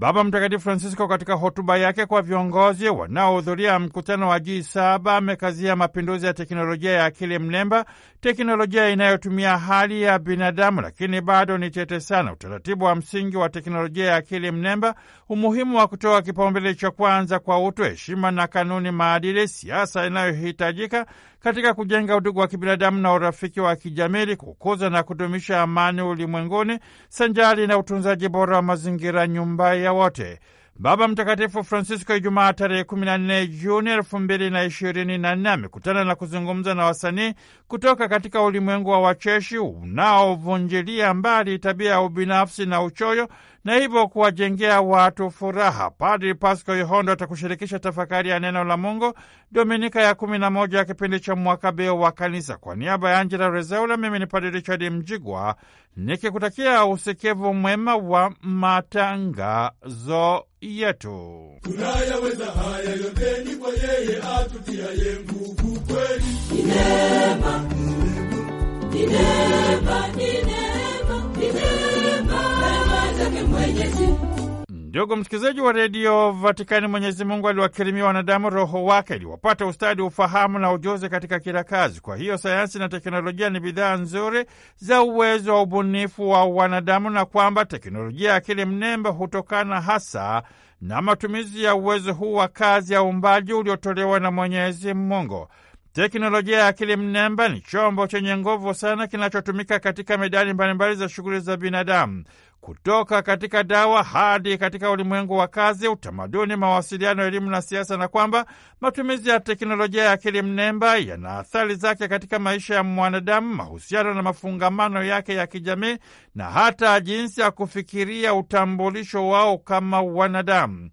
Baba Mtakatifu Francisco katika hotuba yake kwa viongozi wanaohudhuria mkutano wa G7 amekazia mapinduzi ya teknolojia ya akili mnemba, teknolojia inayotumia hali ya binadamu, lakini bado ni tete sana. Utaratibu wa msingi wa teknolojia ya akili mnemba, umuhimu wa kutoa kipaumbele cha kwanza kwa utu, heshima na kanuni maadili, siasa inayohitajika katika kujenga udugu wa kibinadamu na urafiki wa kijamii, kukuza na kudumisha amani ulimwenguni, sanjari na utunzaji bora wa mazingira, nyumba ya wote. Baba Mtakatifu Francisco Ijumaa tarehe 14 Juni 2024 amekutana na kuzungumza na wasanii kutoka katika ulimwengu wa wacheshi unaovunjilia mbali tabia ya ubinafsi na uchoyo na hivyo kuwajengea watu furaha. Padri Pasko Yohondo atakushirikisha tafakari ya neno la Mungu Dominika ya kumi na moja ya kipindi cha mwaka B wa Kanisa. Kwa niaba ya Angela Rezaula, mimi ni Padri Richard Mjigwa nikikutakia usikivu mwema wa matangazo yetu. Tunayaweza haya yote ni kwa yeye atutiaye nguvu. Kweli ni neema, ni neema, ni neema, ni neema Ndugu msikilizaji wa redio Vatikani, Mwenyezi Mungu aliwakirimia wanadamu roho wake iliwapata ustadi, ufahamu na ujuzi katika kila kazi. Kwa hiyo sayansi na teknolojia ni bidhaa nzuri za uwezo wa ubunifu wa wanadamu, na kwamba teknolojia ya akili mnemba hutokana hasa na matumizi ya uwezo huu wa kazi ya uumbaji uliotolewa na Mwenyezi Mungu. Teknolojia ya akili mnemba ni chombo chenye nguvu sana kinachotumika katika medani mbalimbali za shughuli za binadamu, kutoka katika dawa hadi katika ulimwengu wa kazi, utamaduni, mawasiliano, elimu na siasa, na kwamba matumizi ya teknolojia ya akili mnemba yana athari zake katika maisha ya mwanadamu, mahusiano na mafungamano yake ya kijamii, na hata jinsi ya kufikiria utambulisho wao kama wanadamu.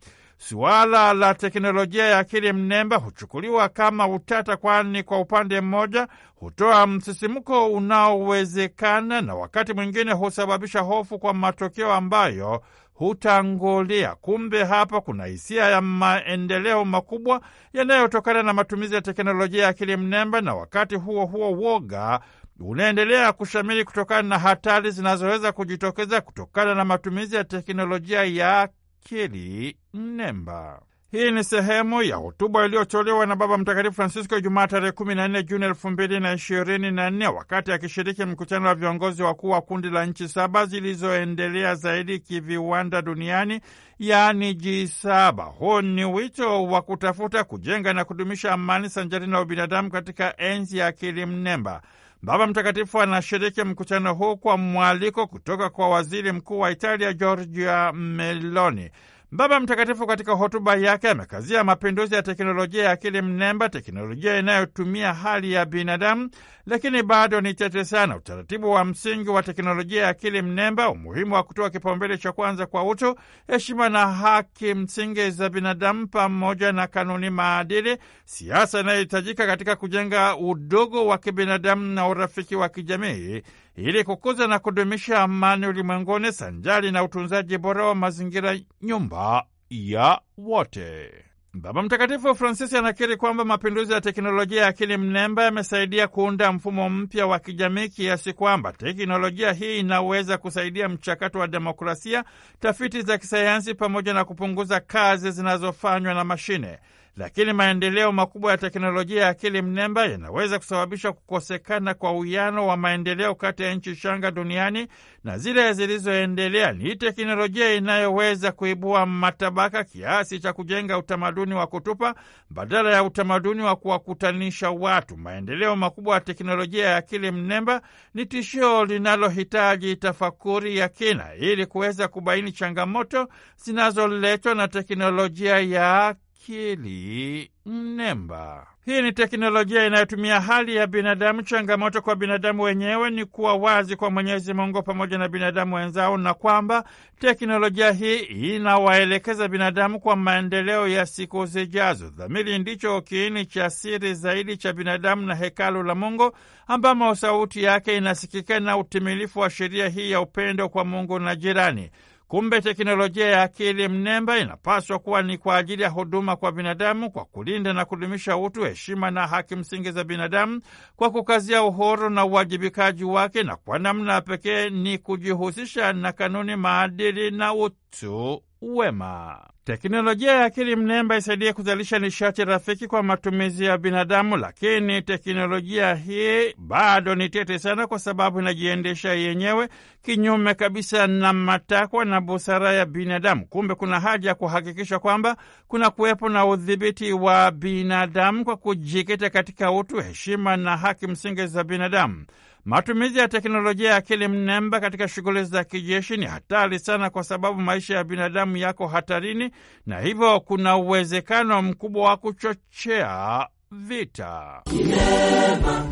Suala la teknolojia ya akili mnemba huchukuliwa kama utata, kwani kwa upande mmoja hutoa msisimko unaowezekana na wakati mwingine husababisha hofu kwa matokeo ambayo hutangulia. Kumbe hapa kuna hisia ya maendeleo makubwa yanayotokana na matumizi ya teknolojia ya akili mnemba, na wakati huo huo woga unaendelea kushamiri kutokana na hatari zinazoweza kujitokeza kutokana na matumizi ya teknolojia ya akili mnemba. Hii ni sehemu ya hotuba iliyotolewa na Baba Mtakatifu Francisco jumaa tarehe 14 Juni 2024 wakati akishiriki mkutano wa viongozi wakuu wa kundi la nchi saba zilizoendelea zaidi kiviwanda duniani, yaani G7. Huu ni wito wa kutafuta, kujenga na kudumisha amani sanjari na ubinadamu katika enzi ya akili mnemba. Baba Mtakatifu anashiriki mkutano huu kwa mwaliko kutoka kwa waziri mkuu wa Italia Giorgia Meloni. Baba Mtakatifu katika hotuba yake amekazia mapinduzi ya teknolojia ya akili mnemba, teknolojia inayotumia hali ya binadamu, lakini bado ni tete sana, utaratibu wa msingi wa teknolojia ya akili mnemba, umuhimu wa kutoa kipaumbele cha kwanza kwa utu, heshima na haki msingi za binadamu, pamoja na kanuni maadili, siasa inayohitajika katika kujenga udugu wa kibinadamu na urafiki wa kijamii ili kukuza na kudumisha amani ulimwenguni sanjari na utunzaji bora wa mazingira, nyumba ya wote. Baba Mtakatifu Fransisi anakiri kwamba mapinduzi ya teknolojia ya akili mnemba yamesaidia kuunda mfumo mpya wa kijamii kiasi kwamba teknolojia hii inaweza kusaidia mchakato wa demokrasia, tafiti za kisayansi, pamoja na kupunguza kazi zinazofanywa na mashine lakini maendeleo makubwa ya teknolojia ya akili mnemba yanaweza kusababisha kukosekana kwa uwiano wa maendeleo kati ya nchi shanga duniani na zile zilizoendelea. Ni teknolojia inayoweza kuibua matabaka kiasi cha kujenga utamaduni wa kutupa badala ya utamaduni wa kuwakutanisha watu. Maendeleo makubwa ya teknolojia ya akili mnemba ni tishio linalohitaji tafakuri ya kina ili kuweza kubaini changamoto zinazoletwa na teknolojia ya akili mnemba. Hii ni teknolojia inayotumia hali ya binadamu, changamoto kwa binadamu wenyewe ni kuwa wazi kwa Mwenyezi Mungu pamoja na binadamu wenzao, na kwamba teknolojia hii inawaelekeza binadamu kwa maendeleo ya siku zijazo. Dhamiri ndicho kiini cha siri zaidi cha binadamu na hekalu la Mungu, ambamo sauti yake inasikika na utimilifu wa sheria hii ya upendo kwa Mungu na jirani. Kumbe teknolojia ya akili mnemba inapaswa kuwa ni kwa ajili ya huduma kwa binadamu, kwa kulinda na kudumisha utu, heshima na haki msingi za binadamu, kwa kukazia uhuru na uwajibikaji wake, na kwa namna pekee ni kujihusisha na kanuni, maadili na utu wema. Teknolojia ya akili mnemba isaidie kuzalisha nishati rafiki kwa matumizi ya binadamu, lakini teknolojia hii bado ni tete sana, kwa sababu inajiendesha yenyewe kinyume kabisa na matakwa na busara ya binadamu. Kumbe kuna haja ya kuhakikisha kwamba kuna kuwepo na udhibiti wa binadamu kwa kujikita katika utu, heshima na haki msingi za binadamu. Matumizi ya teknolojia ya akili mnemba katika shughuli za kijeshi ni hatari sana, kwa sababu maisha ya binadamu yako hatarini, na hivyo kuna uwezekano mkubwa wa kuchochea vita. Ni neema,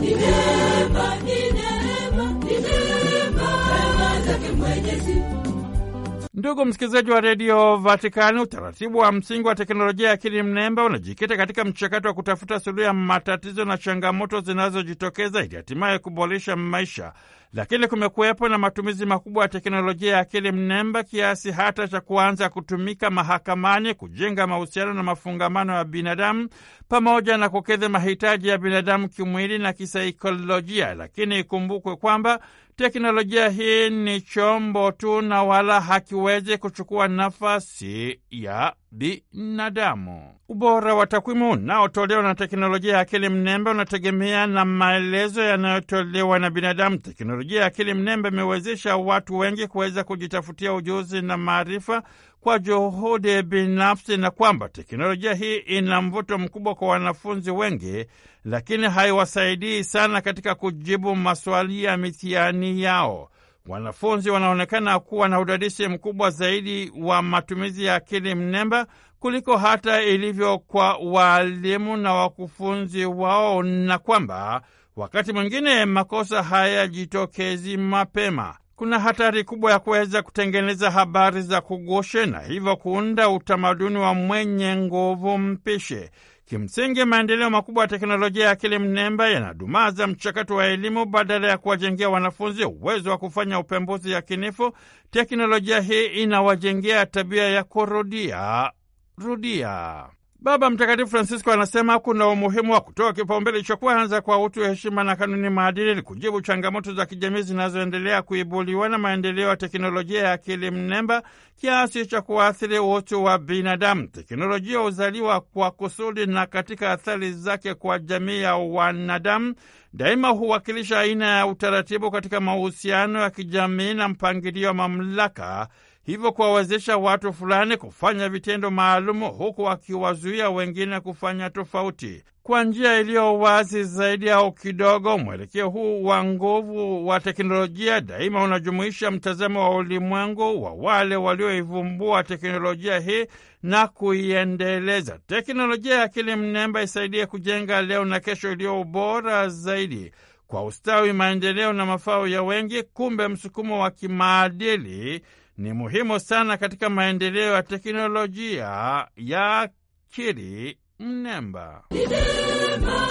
ni neema, ni neema, ni Ndugu msikilizaji wa redio Vatikani, utaratibu wa msingi wa teknolojia ya akili mnemba unajikita katika mchakato wa kutafuta suluhu ya matatizo na changamoto zinazojitokeza ili hatimaye kuboresha maisha, lakini kumekuwepo na matumizi makubwa ya teknolojia ya akili mnemba kiasi hata cha kuanza kutumika mahakamani kujenga mahusiano na mafungamano ya binadamu pamoja na kukidhi mahitaji ya binadamu kimwili na kisaikolojia. Lakini ikumbukwe kwamba Teknolojia hii ni chombo tu na wala hakiwezi kuchukua nafasi ya binadamu. Ubora wa takwimu unaotolewa na teknolojia ya akili mnembe unategemea na maelezo yanayotolewa na binadamu. Teknolojia ya akili mnembe imewezesha watu wengi kuweza kujitafutia ujuzi na maarifa kwa juhudi binafsi, na kwamba teknolojia hii ina mvuto mkubwa kwa wanafunzi wengi, lakini haiwasaidii sana katika kujibu maswali ya mitihani yao. Wanafunzi wanaonekana kuwa na udadisi mkubwa zaidi wa matumizi ya akili mnemba kuliko hata ilivyo kwa waalimu na wakufunzi wao, na kwamba wakati mwingine makosa hayajitokezi mapema. Kuna hatari kubwa ya kuweza kutengeneza habari za kugoshe na hivyo kuunda utamaduni wa mwenye nguvu mpishe. Kimsingi, maendeleo makubwa ya teknolojia ya akili mnemba yanadumaza mchakato wa elimu badala ya kuwajengea wanafunzi uwezo wa kufanya upembuzi yakinifu. Teknolojia hii inawajengea tabia ya kurudia rudia. Baba Mtakatifu Francisco anasema kuna umuhimu wa kutoa kipaumbele cha kwanza kwa utu, heshima na kanuni maadili, kujibu changamoto za kijamii zinazoendelea kuibuliwa na maendeleo ya teknolojia ya akili mnemba kiasi cha kuathiri utu wa binadamu. Teknolojia huzaliwa kwa kusudi na katika athari zake kwa jamii ya wanadamu daima huwakilisha aina ya utaratibu katika mahusiano ya kijamii na mpangilio wa mamlaka hivyo kuwawezesha watu fulani kufanya vitendo maalumu huku wakiwazuia wengine kufanya tofauti kwa njia iliyo wazi zaidi au kidogo. Mwelekeo huu wa nguvu wa teknolojia daima unajumuisha mtazamo wa ulimwengu wa wale walioivumbua teknolojia hii na kuiendeleza. Teknolojia ya akili mnemba isaidie kujenga leo na kesho iliyo bora zaidi kwa ustawi, maendeleo na mafao ya wengi. Kumbe msukumo wa kimaadili ni muhimu sana katika maendeleo ya teknolojia ya akili mnemba. Ni neema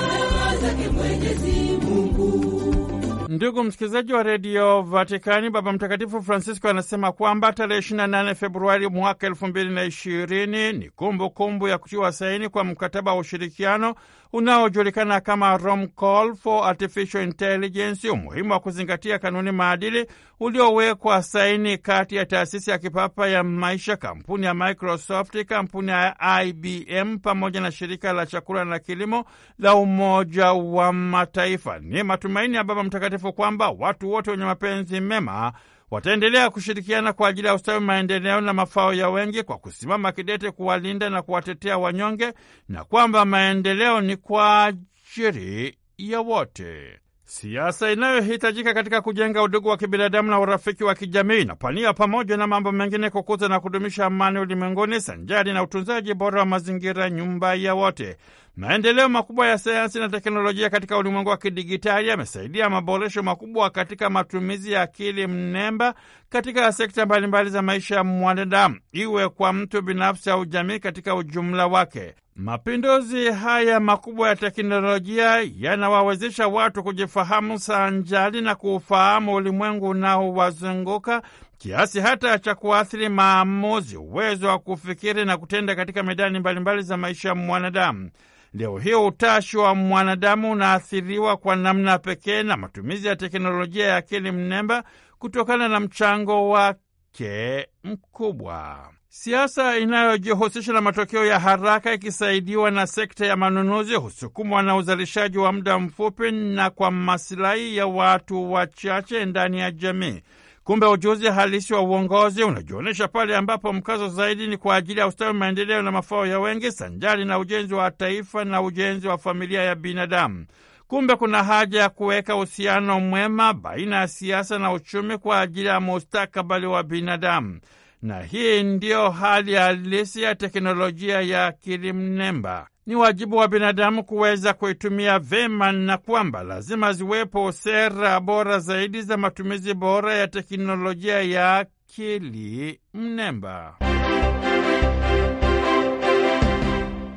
Mwenyezi Mungu Ndugu msikilizaji wa redio Vatikani, Baba Mtakatifu Francisco anasema kwamba tarehe 28 Februari mwaka 2020 ni kumbukumbu kumbu ya kutiwa saini kwa mkataba wa ushirikiano unaojulikana kama Rome Call for Artificial Intelligence, umuhimu wa kuzingatia kanuni maadili uliowekwa saini kati ya taasisi ya kipapa ya maisha, kampuni ya Microsoft, kampuni ya IBM pamoja na shirika la chakula na kilimo la Umoja wa Mataifa. Ni matumaini ya Baba Mtakatifu Mtakatifu kwamba watu wote wenye mapenzi mema wataendelea kushirikiana kwa ajili ya ustawi, maendeleo na mafao ya wengi kwa kusimama kidete kuwalinda na kuwatetea wanyonge, na kwamba maendeleo ni kwa ajili ya wote. Siasa inayohitajika katika kujenga udugu wa kibinadamu na urafiki wa kijamii inapania pamoja na mambo mengine kukuza na kudumisha amani ulimwenguni sanjari na utunzaji bora wa mazingira, nyumba ya wote. Maendeleo makubwa ya sayansi na teknolojia katika ulimwengu wa kidigitali yamesaidia maboresho makubwa katika matumizi ya akili mnemba katika sekta mbalimbali za maisha ya mwanadamu, iwe kwa mtu binafsi au jamii katika ujumla wake. Mapinduzi haya makubwa ya teknolojia yanawawezesha watu kujifahamu sanjali na kuufahamu ulimwengu unaowazunguka kiasi hata cha kuathiri maamuzi, uwezo wa kufikiri na kutenda katika medani mbalimbali za maisha ya mwanadamu. Leo hiyo utashi wa mwanadamu unaathiriwa kwa namna pekee na matumizi ya teknolojia ya akili mnemba kutokana na mchango wake mkubwa. Siasa inayojihusisha na matokeo ya haraka ikisaidiwa na sekta ya manunuzi husukumwa na uzalishaji wa muda mfupi na kwa masilahi ya watu wachache ndani ya jamii. Kumbe ujuzi halisi wa uongozi unajionyesha pale ambapo mkazo zaidi ni kwa ajili ya ustawi, maendeleo na mafao ya wengi, sanjari na ujenzi wa taifa na ujenzi wa familia ya binadamu. Kumbe kuna haja ya kuweka uhusiano mwema baina ya siasa na uchumi kwa ajili ya mustakabali wa binadamu na hii ndiyo hali halisi ya teknolojia ya akili mnemba. Ni wajibu wa binadamu kuweza kuitumia vema na kwamba lazima ziwepo sera bora zaidi za matumizi bora ya teknolojia ya akili mnemba.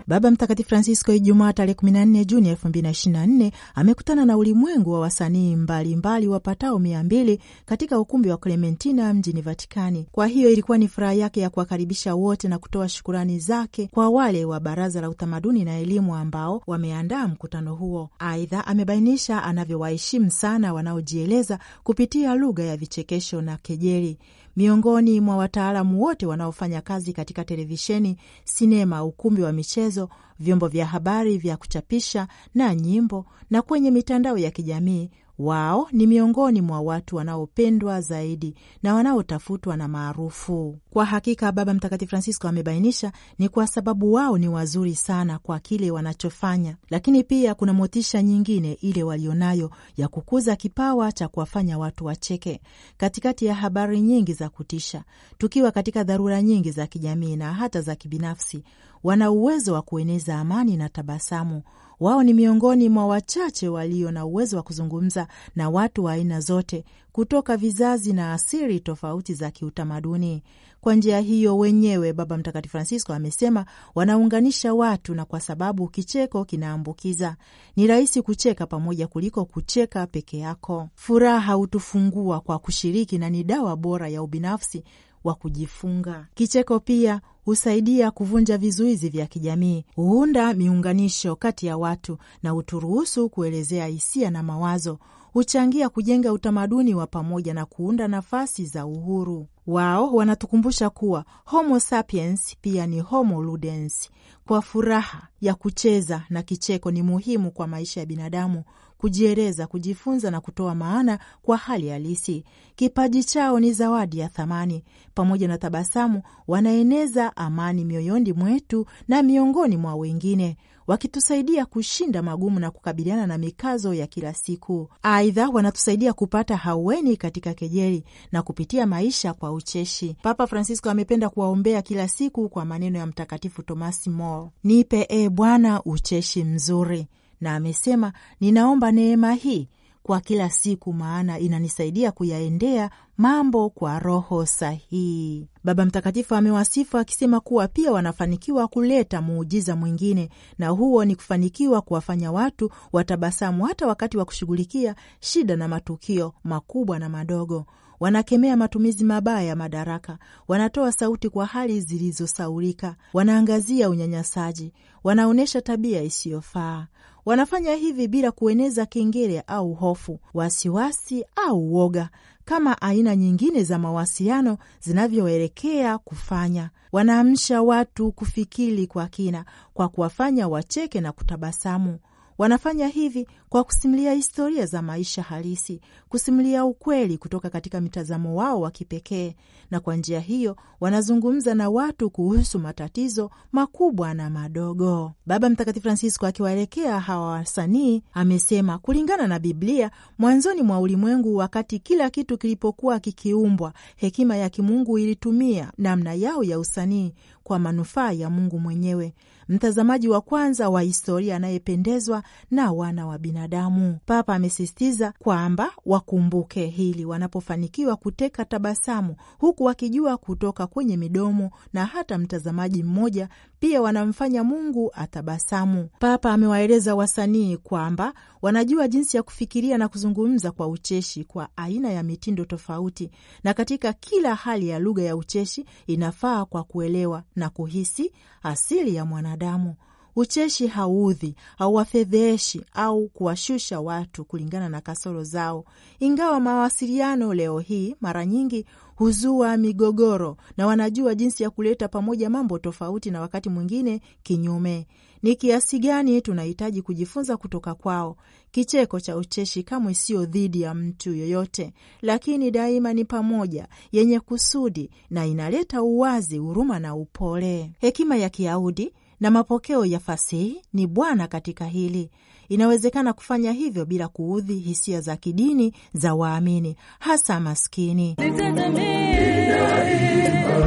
Baba Mtakatifu Francisco Ijumaa tarehe 14 Juni 2024 amekutana na ulimwengu wa wasanii mbalimbali wapatao mia mbili katika ukumbi wa Clementina mjini Vatikani. Kwa hiyo ilikuwa ni furaha yake ya kuwakaribisha wote na kutoa shukurani zake kwa wale wa Baraza la Utamaduni na Elimu ambao wameandaa mkutano huo. Aidha, amebainisha anavyowaheshimu sana wanaojieleza kupitia lugha ya vichekesho na kejeli. Miongoni mwa wataalamu wote wanaofanya kazi katika televisheni, sinema, ukumbi wa michezo, vyombo vya habari vya kuchapisha na nyimbo, na kwenye mitandao ya kijamii wao ni miongoni mwa watu wanaopendwa zaidi na wanaotafutwa na maarufu. Kwa hakika, Baba Mtakatifu Francisco amebainisha ni kwa sababu wao ni wazuri sana kwa kile wanachofanya, lakini pia kuna motisha nyingine ile walionayo ya kukuza kipawa cha kuwafanya watu wacheke katikati ya habari nyingi za kutisha, tukiwa katika dharura nyingi za kijamii na hata za kibinafsi. Wana uwezo wa kueneza amani na tabasamu wao ni miongoni mwa wachache walio na uwezo wa kuzungumza na watu wa aina zote kutoka vizazi na asili tofauti za kiutamaduni. Kwa njia hiyo wenyewe, Baba Mtakatifu Francisco amesema wanaunganisha watu, na kwa sababu kicheko kinaambukiza, ni rahisi kucheka pamoja kuliko kucheka peke yako. Furaha hutufungua kwa kushiriki na ni dawa bora ya ubinafsi wa kujifunga. Kicheko pia husaidia kuvunja vizuizi vya kijamii, huunda miunganisho kati ya watu na huturuhusu kuelezea hisia na mawazo, huchangia kujenga utamaduni wa pamoja na kuunda nafasi za uhuru. Wao wanatukumbusha kuwa Homo sapiens pia ni Homo ludens, kwa furaha ya kucheza na kicheko ni muhimu kwa maisha ya binadamu kujieleza, kujifunza na kutoa maana kwa hali halisi. Kipaji chao ni zawadi ya thamani. Pamoja na tabasamu, wanaeneza amani mioyoni mwetu na miongoni mwa wengine wakitusaidia kushinda magumu na kukabiliana na mikazo ya kila siku. Aidha, wanatusaidia kupata haueni katika kejeli na kupitia maisha kwa ucheshi. Papa Francisco amependa kuwaombea kila siku kwa maneno ya Mtakatifu Tomasi More: nipe e Bwana ucheshi mzuri na amesema, ninaomba neema hii kwa kila siku, maana inanisaidia kuyaendea mambo kwa roho sahihi. Baba Mtakatifu amewasifu akisema kuwa pia wanafanikiwa kuleta muujiza mwingine, na huo ni kufanikiwa kuwafanya watu watabasamu hata wakati wa kushughulikia shida na matukio makubwa na madogo wanakemea matumizi mabaya ya madaraka, wanatoa sauti kwa hali zilizosaurika, wanaangazia unyanyasaji, wanaonyesha tabia isiyofaa. Wanafanya hivi bila kueneza kengele au hofu, wasiwasi au uoga kama aina nyingine za mawasiliano zinavyoelekea kufanya. Wanaamsha watu kufikiri kwa kina kwa kuwafanya wacheke na kutabasamu. Wanafanya hivi kwa kusimulia historia za maisha halisi, kusimulia ukweli kutoka katika mitazamo wao wa kipekee, na kwa njia hiyo wanazungumza na watu kuhusu matatizo makubwa na madogo. Baba Mtakatifu Francisco akiwaelekea hawa wasanii amesema, kulingana na Biblia, mwanzoni mwa ulimwengu, wakati kila kitu kilipokuwa kikiumbwa, hekima ya kimungu ilitumia namna yao ya usanii kwa manufaa ya Mungu mwenyewe, mtazamaji wa kwanza wa historia anayependezwa na wana wa binadamu. Papa amesisitiza kwamba wakumbuke hili wanapofanikiwa kuteka tabasamu, huku wakijua kutoka kwenye midomo na hata mtazamaji mmoja pia wanamfanya Mungu atabasamu. Papa amewaeleza wasanii kwamba wanajua jinsi ya kufikiria na kuzungumza kwa ucheshi kwa aina ya mitindo tofauti, na katika kila hali ya lugha ya ucheshi inafaa kwa kuelewa na kuhisi asili ya mwanadamu. Ucheshi hauudhi, hauwafedheeshi au kuwashusha watu kulingana na kasoro zao, ingawa mawasiliano leo hii mara nyingi huzua migogoro na wanajua jinsi ya kuleta pamoja mambo tofauti na wakati mwingine kinyume. Ni kiasi gani tunahitaji kujifunza kutoka kwao. Kicheko cha ucheshi kamwe sio dhidi ya mtu yoyote, lakini daima ni pamoja, yenye kusudi na inaleta uwazi, huruma na upole. Hekima ya Kiyahudi na mapokeo ya fasihi ni bwana katika hili. Inawezekana kufanya hivyo bila kuudhi hisia za kidini za waamini, hasa maskini. Nitazame, nitazame,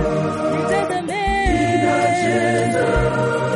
nitazame,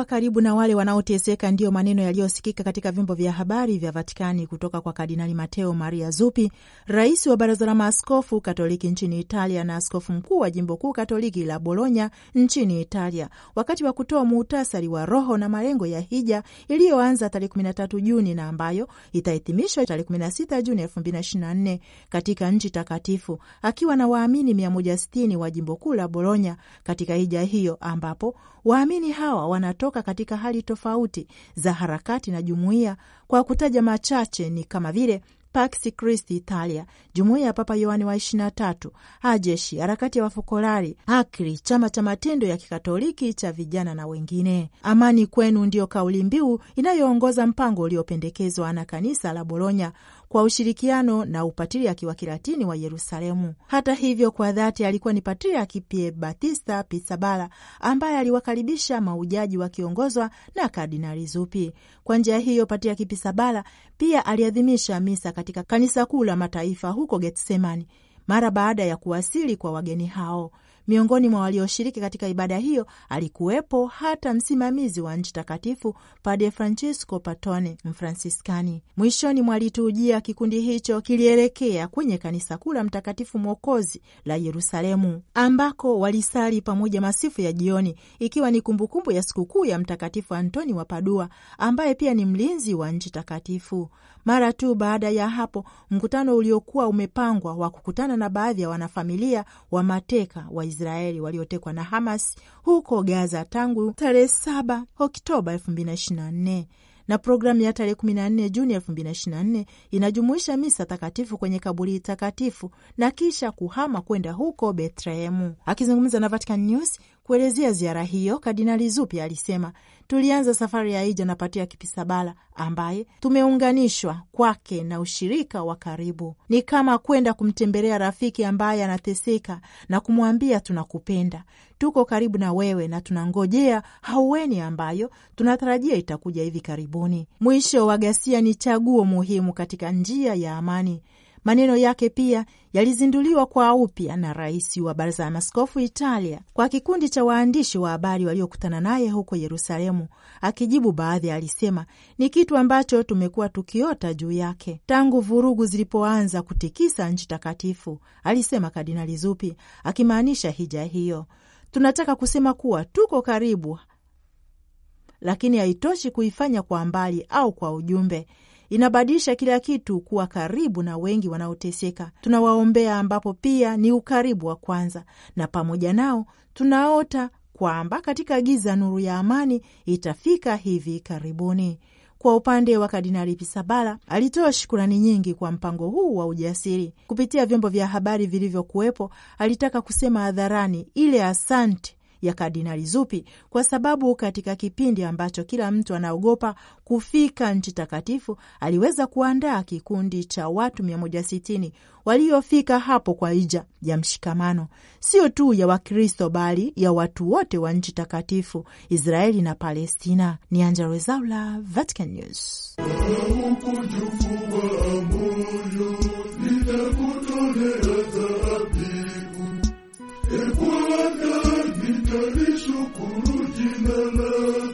kuwa karibu na wale wanaoteseka, ndiyo maneno yaliyosikika katika vyombo vya habari vya Vatikani kutoka kwa Kardinali Mateo Maria Zuppi, rais wa Baraza la Maaskofu Katoliki nchini Italia na askofu mkuu wa jimbo kuu Katoliki la Bologna nchini Italia, wakati wa kutoa muhtasari wa roho na malengo ya hija iliyoanza tarehe 13 Juni na ambayo itahitimishwa tarehe 16 Juni 2024 katika nchi takatifu, akiwa na waamini 160 wa jimbo kuu la Bologna katika hija hiyo, ambapo waamini hawa wanato kutoka katika hali tofauti za harakati na jumuiya. Kwa kutaja machache ni kama vile Pax Christi Italia, jumuiya ya Papa Yohani wa 23, Ajeshi, harakati ya Wafokolari, Akri, chama cha matendo ya kikatoliki cha vijana na wengine. Amani kwenu ndiyo kauli mbiu inayoongoza mpango uliopendekezwa na kanisa la Bologna kwa ushirikiano na upatriaki wa Kilatini wa Yerusalemu. Hata hivyo, kwa dhati alikuwa ni patriaki Pie Batista Pisabala ambaye aliwakaribisha maujaji wakiongozwa na Kardinali Zuppi. Kwa njia hiyo, patriaki Pisabala pia aliadhimisha misa katika kanisa kuu la mataifa huko Getsemani mara baada ya kuwasili kwa wageni hao. Miongoni mwa walioshiriki katika ibada hiyo alikuwepo hata msimamizi wa nchi takatifu Pade Francisco Patone, Mfransiskani. Mwishoni mwa liturujia, kikundi hicho kilielekea kwenye kanisa kuu la Mtakatifu Mwokozi la Yerusalemu, ambako walisali pamoja masifu ya jioni, ikiwa ni kumbukumbu ya sikukuu ya Mtakatifu Antoni wa Padua, ambaye pia ni mlinzi wa nchi takatifu. Mara tu baada ya hapo, mkutano uliokuwa umepangwa wa kukutana na baadhi ya wanafamilia wa mateka wa Israeli waliotekwa na Hamas huko Gaza tangu tarehe 7 Oktoba 2024 na programu ya tarehe 14 Juni 2024 inajumuisha misa takatifu kwenye kaburi takatifu na kisha kuhama kwenda huko Bethlehemu. Akizungumza na Vatican News Kuelezea ziara hiyo, Kardinali zupi alisema tulianza safari ya hija na ya Kipisabala ambaye tumeunganishwa kwake na ushirika wa karibu. Ni kama kwenda kumtembelea rafiki ambaye anateseka na kumwambia tunakupenda, tuko karibu na wewe na tunangojea haueni ambayo tunatarajia itakuja hivi karibuni. Mwisho wa ghasia ni chaguo muhimu katika njia ya amani. Maneno yake pia yalizinduliwa kwa upya na rais wa baraza la maskofu Italia kwa kikundi cha waandishi wa habari waliokutana naye huko Yerusalemu. Akijibu baadhi, alisema ni kitu ambacho tumekuwa tukiota juu yake tangu vurugu zilipoanza kutikisa nchi takatifu, alisema Kardinali Zuppi, akimaanisha hija hiyo. Tunataka kusema kuwa tuko karibu, lakini haitoshi kuifanya kwa mbali au kwa ujumbe inabadilisha kila kitu kuwa karibu na wengi wanaoteseka. Tunawaombea ambapo pia ni ukaribu wa kwanza, na pamoja nao tunaota kwamba katika giza nuru ya amani itafika hivi karibuni. Kwa upande wa Kardinali Pisabala, alitoa shukurani nyingi kwa mpango huu wa ujasiri. Kupitia vyombo vya habari vilivyokuwepo, alitaka kusema hadharani ile asante ya Kardinali Zuppi, kwa sababu katika kipindi ambacho kila mtu anaogopa kufika nchi takatifu, aliweza kuandaa kikundi cha watu 160 waliofika hapo kwa hija ya mshikamano, sio tu ya Wakristo bali ya watu wote wa nchi takatifu, Israeli na Palestina. Ni Angella Rwezaula, Vatican News. boom, boom.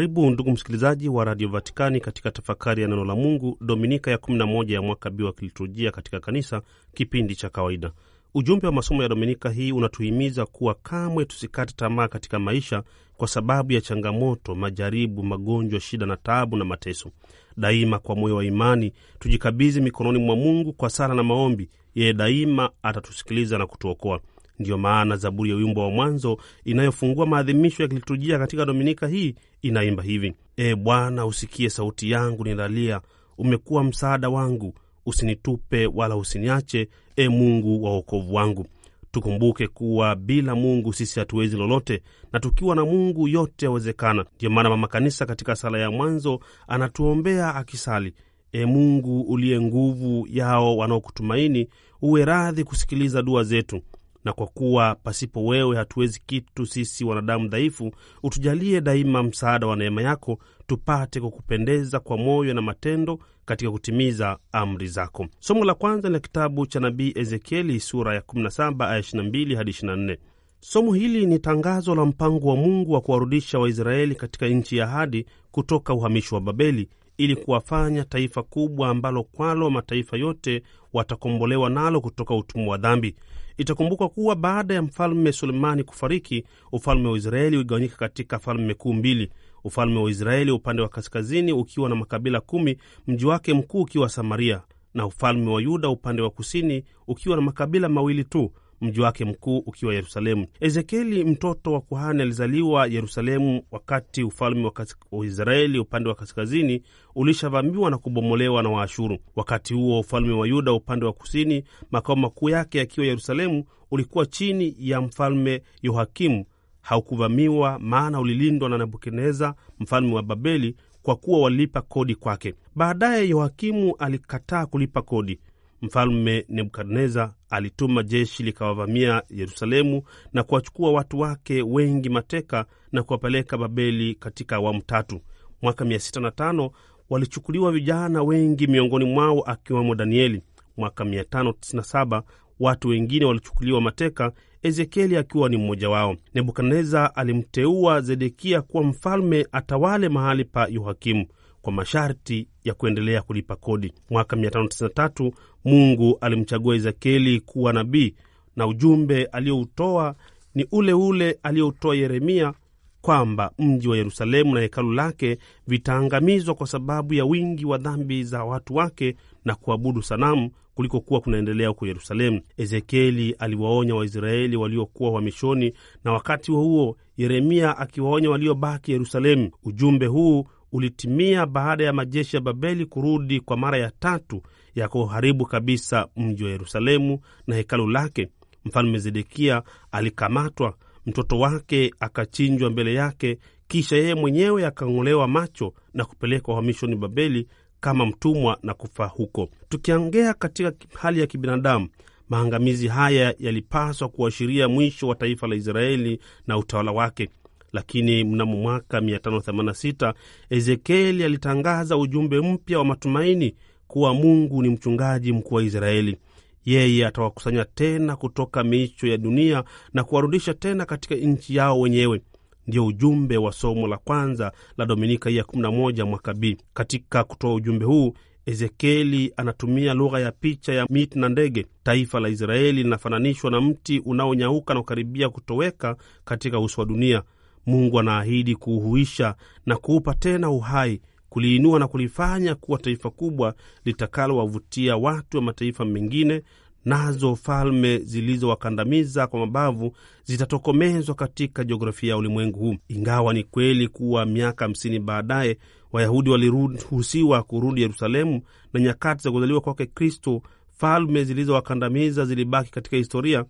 Karibu ndugu msikilizaji wa Radio Vatikani katika tafakari ya neno la Mungu, dominika ya 11 ya mwaka B wa kiliturujia katika kanisa, kipindi cha kawaida. Ujumbe wa masomo ya dominika hii unatuhimiza kuwa kamwe tusikate tamaa katika maisha kwa sababu ya changamoto, majaribu, magonjwa, shida na taabu na mateso. Daima kwa moyo wa imani tujikabizi mikononi mwa Mungu kwa sala na maombi. Yeye daima atatusikiliza na kutuokoa. Ndiyo maana zaburi ya wimbo wa mwanzo inayofungua maadhimisho ya kiliturujia katika dominika hii inaimba hivi: E Bwana, usikie sauti yangu nilalia umekuwa msaada wangu, usinitupe wala usiniache, e Mungu wa wokovu wangu. Tukumbuke kuwa bila Mungu sisi hatuwezi lolote, na tukiwa na Mungu yote yawezekana. Ndiyo maana Mama Kanisa katika sala ya mwanzo anatuombea akisali: E Mungu uliye nguvu yao wanaokutumaini, uwe radhi kusikiliza dua zetu na kwa kuwa pasipo wewe hatuwezi kitu, sisi wanadamu dhaifu, utujalie daima msaada wa neema yako, tupate kukupendeza kwa moyo na matendo katika kutimiza amri zako. Somo la kwanza ni la kitabu cha nabii Ezekieli sura ya 17 aya 22 hadi 24. Somo hili ni tangazo la mpango wa Mungu wa kuwarudisha Waisraeli katika nchi ya ahadi kutoka uhamisho wa Babeli, ili kuwafanya taifa kubwa ambalo kwalo mataifa yote watakombolewa nalo kutoka utumwa wa dhambi. Itakumbukwa kuwa baada ya mfalme Sulemani kufariki, ufalme wa Israeli uligawanyika katika falme kuu mbili. Ufalme wa Israeli upande wa kaskazini ukiwa na makabila kumi, mji wake mkuu ukiwa Samaria, na ufalme wa Yuda upande wa kusini ukiwa na makabila mawili tu, mji wake mkuu ukiwa Yerusalemu. Ezekieli mtoto wa kuhani alizaliwa Yerusalemu wakati ufalme wa Israeli upande wa kaskazini ulishavamiwa na kubomolewa na Waashuru. Wakati huo ufalme wa Yuda upande wa kusini, makao makuu yake yakiwa Yerusalemu, ulikuwa chini ya mfalme Yohakimu. Haukuvamiwa maana ulilindwa na Nebukadneza mfalme wa Babeli, kwa kuwa walilipa kodi kwake. Baadaye Yohakimu alikataa kulipa kodi. Mfalme Nebukadneza alituma jeshi likawavamia Yerusalemu na kuwachukua watu wake wengi mateka na kuwapeleka Babeli katika awamu tatu. Mwaka 605 walichukuliwa vijana wengi, miongoni mwao akiwemo Danieli. Mwaka 597 watu wengine walichukuliwa mateka, Ezekieli akiwa ni mmoja wao. Nebukadneza alimteua Zedekia kuwa mfalme atawale mahali pa Yohakimu kwa masharti ya kuendelea kulipa kodi. Mwaka 593 Mungu alimchagua Ezekieli kuwa nabii na ujumbe aliyoutoa ni ule ule aliyoutoa Yeremia kwamba mji wa Yerusalemu na hekalu lake vitaangamizwa kwa sababu ya wingi wa dhambi za watu wake na kuabudu sanamu kulikokuwa kunaendelea huko Yerusalemu. Ezekieli aliwaonya Waisraeli waliokuwa uhamishoni, na wakati huo huo Yeremia akiwaonya waliobaki Yerusalemu. Ujumbe huu ulitimia baada ya majeshi ya Babeli kurudi kwa mara ya tatu ya kuharibu kabisa mji wa Yerusalemu na hekalu lake. Mfalme Zedekia alikamatwa, mtoto wake akachinjwa mbele yake, kisha yeye mwenyewe akang'olewa macho na kupelekwa uhamishoni Babeli kama mtumwa na kufa huko. Tukiongea katika hali ya kibinadamu, maangamizi haya yalipaswa kuashiria mwisho wa taifa la Israeli na utawala wake, lakini mnamo mwaka 586 Ezekieli alitangaza ujumbe mpya wa matumaini kuwa Mungu ni mchungaji mkuu wa Israeli. Yeye atawakusanya tena kutoka miicho ya dunia na kuwarudisha tena katika nchi yao wenyewe. ndio ujumbe wa somo la kwanza la Dominika ya 11 mwaka B. Katika kutoa ujumbe huu, Ezekieli anatumia lugha ya picha ya miti na ndege. Taifa la Israeli linafananishwa na mti unaonyauka na kukaribia kutoweka katika uso wa dunia. Mungu anaahidi kuuhuisha na kuupa tena uhai, kuliinua na kulifanya kuwa taifa kubwa litakalowavutia watu wa mataifa mengine, nazo falme zilizowakandamiza kwa mabavu zitatokomezwa katika jiografia ya ulimwengu huu. Ingawa ni kweli kuwa miaka hamsini baadaye Wayahudi waliruhusiwa kurudi Yerusalemu na nyakati za kuzaliwa kwake Kristo, falme zilizowakandamiza zilibaki katika historia,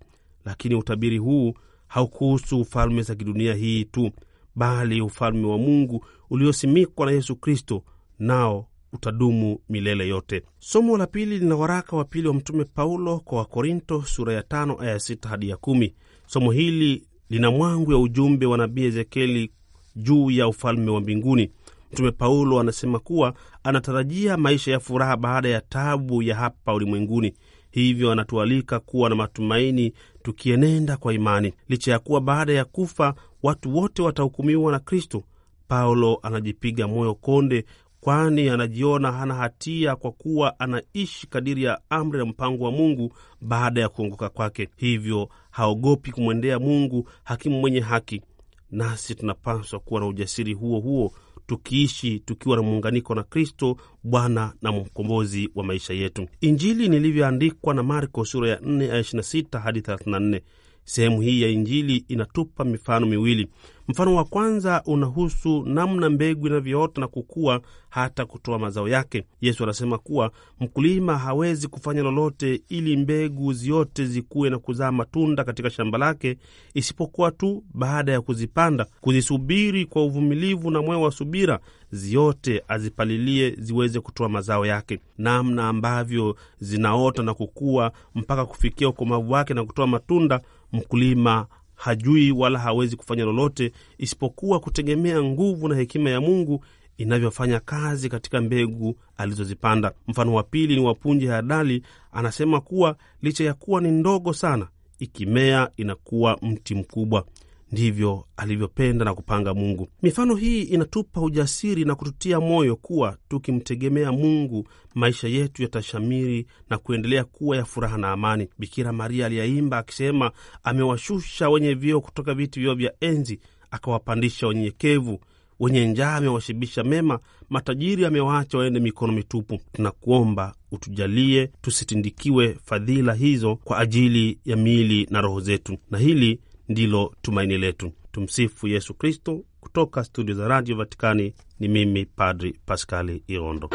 lakini utabiri huu haukuhusu falme za kidunia hii tu, bali ufalme wa Mungu uliosimikwa na Yesu Kristo, nao utadumu milele yote. Somo la pili lina waraka wa pili wa Mtume Paulo kwa Wakorinto sura ya tano aya sita hadi ya kumi. Somo hili lina mwangu ya ujumbe wa nabii Ezekieli juu ya ufalme wa mbinguni. Mtume Paulo anasema kuwa anatarajia maisha ya furaha baada ya tabu ya hapa ulimwenguni. Hivyo anatualika kuwa na matumaini tukienenda kwa imani, licha ya kuwa baada ya kufa watu wote watahukumiwa na Kristo. Paulo anajipiga moyo konde, kwani anajiona hana hatia kwa kuwa anaishi kadiri ya amri ya mpango wa Mungu baada ya kuongoka kwake. Hivyo haogopi kumwendea Mungu, hakimu mwenye haki. Nasi tunapaswa kuwa na ujasiri huo huo tukiishi tukiwa na muunganiko na Kristo Bwana na mkombozi wa maisha yetu. Injili nilivyoandikwa na Marko sura ya 4 aya 26 hadi 34. Sehemu hii ya Injili inatupa mifano miwili. Mfano wa kwanza unahusu namna mbegu inavyoota na kukua hata kutoa mazao yake. Yesu anasema kuwa mkulima hawezi kufanya lolote ili mbegu ziote zikuwe na kuzaa matunda katika shamba lake, isipokuwa tu baada ya kuzipanda, kuzisubiri kwa uvumilivu na moyo wa subira, ziote azipalilie, ziweze kutoa mazao yake. Namna ambavyo zinaota na kukua mpaka kufikia ukomavu wake na kutoa matunda mkulima hajui wala hawezi kufanya lolote isipokuwa kutegemea nguvu na hekima ya Mungu inavyofanya kazi katika mbegu alizozipanda. Mfano wa pili ni wapunji hadali, Anasema kuwa licha ya kuwa ni ndogo sana, ikimea inakuwa mti mkubwa ndivyo alivyopenda na kupanga Mungu. Mifano hii inatupa ujasiri na kututia moyo kuwa tukimtegemea Mungu, maisha yetu yatashamiri na kuendelea kuwa ya furaha na amani. Bikira Maria aliyeimba akisema, amewashusha wenye vyeo kutoka viti vyao vya enzi, akawapandisha wenyenyekevu wenye njaa amewashibisha mema, matajiri amewaacha waende mikono mitupu. Tunakuomba utujalie tusitindikiwe fadhila hizo kwa ajili ya miili na roho zetu, na hili ndilo tumaini letu. Tumsifu Yesu Kristo. Kutoka studio za Radio Vatikani ni mimi Padri Paskali Irondo.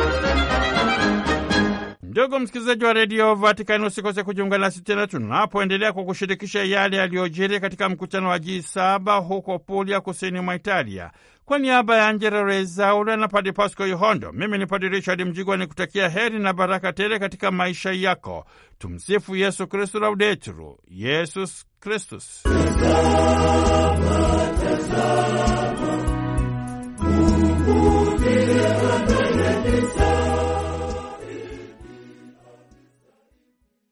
Ndugu msikilizaji wa redio Vatikani, usikose kujiunga nasi tena tunapoendelea kwa kushirikisha yale yaliyojiri katika mkutano wa G7 huko Puglia, kusini mwa Italia. Kwa niaba ya Angela Rezaula na Padre Pasco Yohondo, mimi ni Padre Richard Mjigwa ni kutakia heri na baraka tele katika maisha yako. Tumsifu Yesu Kristu, Laudetur Yesus Kristus.